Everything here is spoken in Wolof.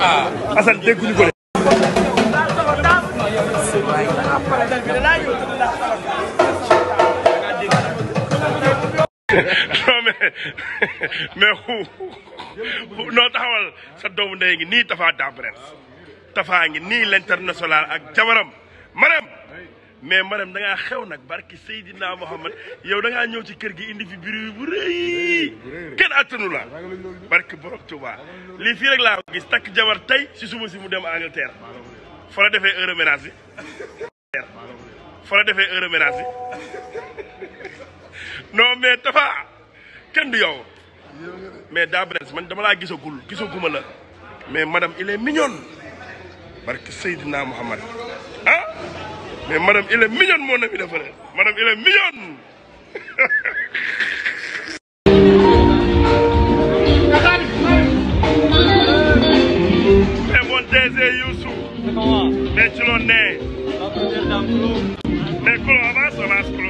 ah Assane dégguñu ko de. non mais mais xu noo taxawal sa doomu ndey ngi nii Tafa Dabrène Tafa ngi nii l'international ak jabaram Marème mais madame da xew nag barki Seydina Mohamed yow da ñëw ci kër gi indi fi bruit bu rëy kenn attanu la barki borom Touba lii fii rek laa gis takk jabar tey si suba si mu dem Angleterre fa la defee heure ménage bi fa defee heure ménage bi mais Tafa kenn du yow mais daa brens man dama laa gisagul gisaguma la mais madame il est mignon barki Seydina Mohamed Mais madame, il est mignonne, mon ami de frère. Madame, il est mignonne. Mais tu l'en es. Mais avance,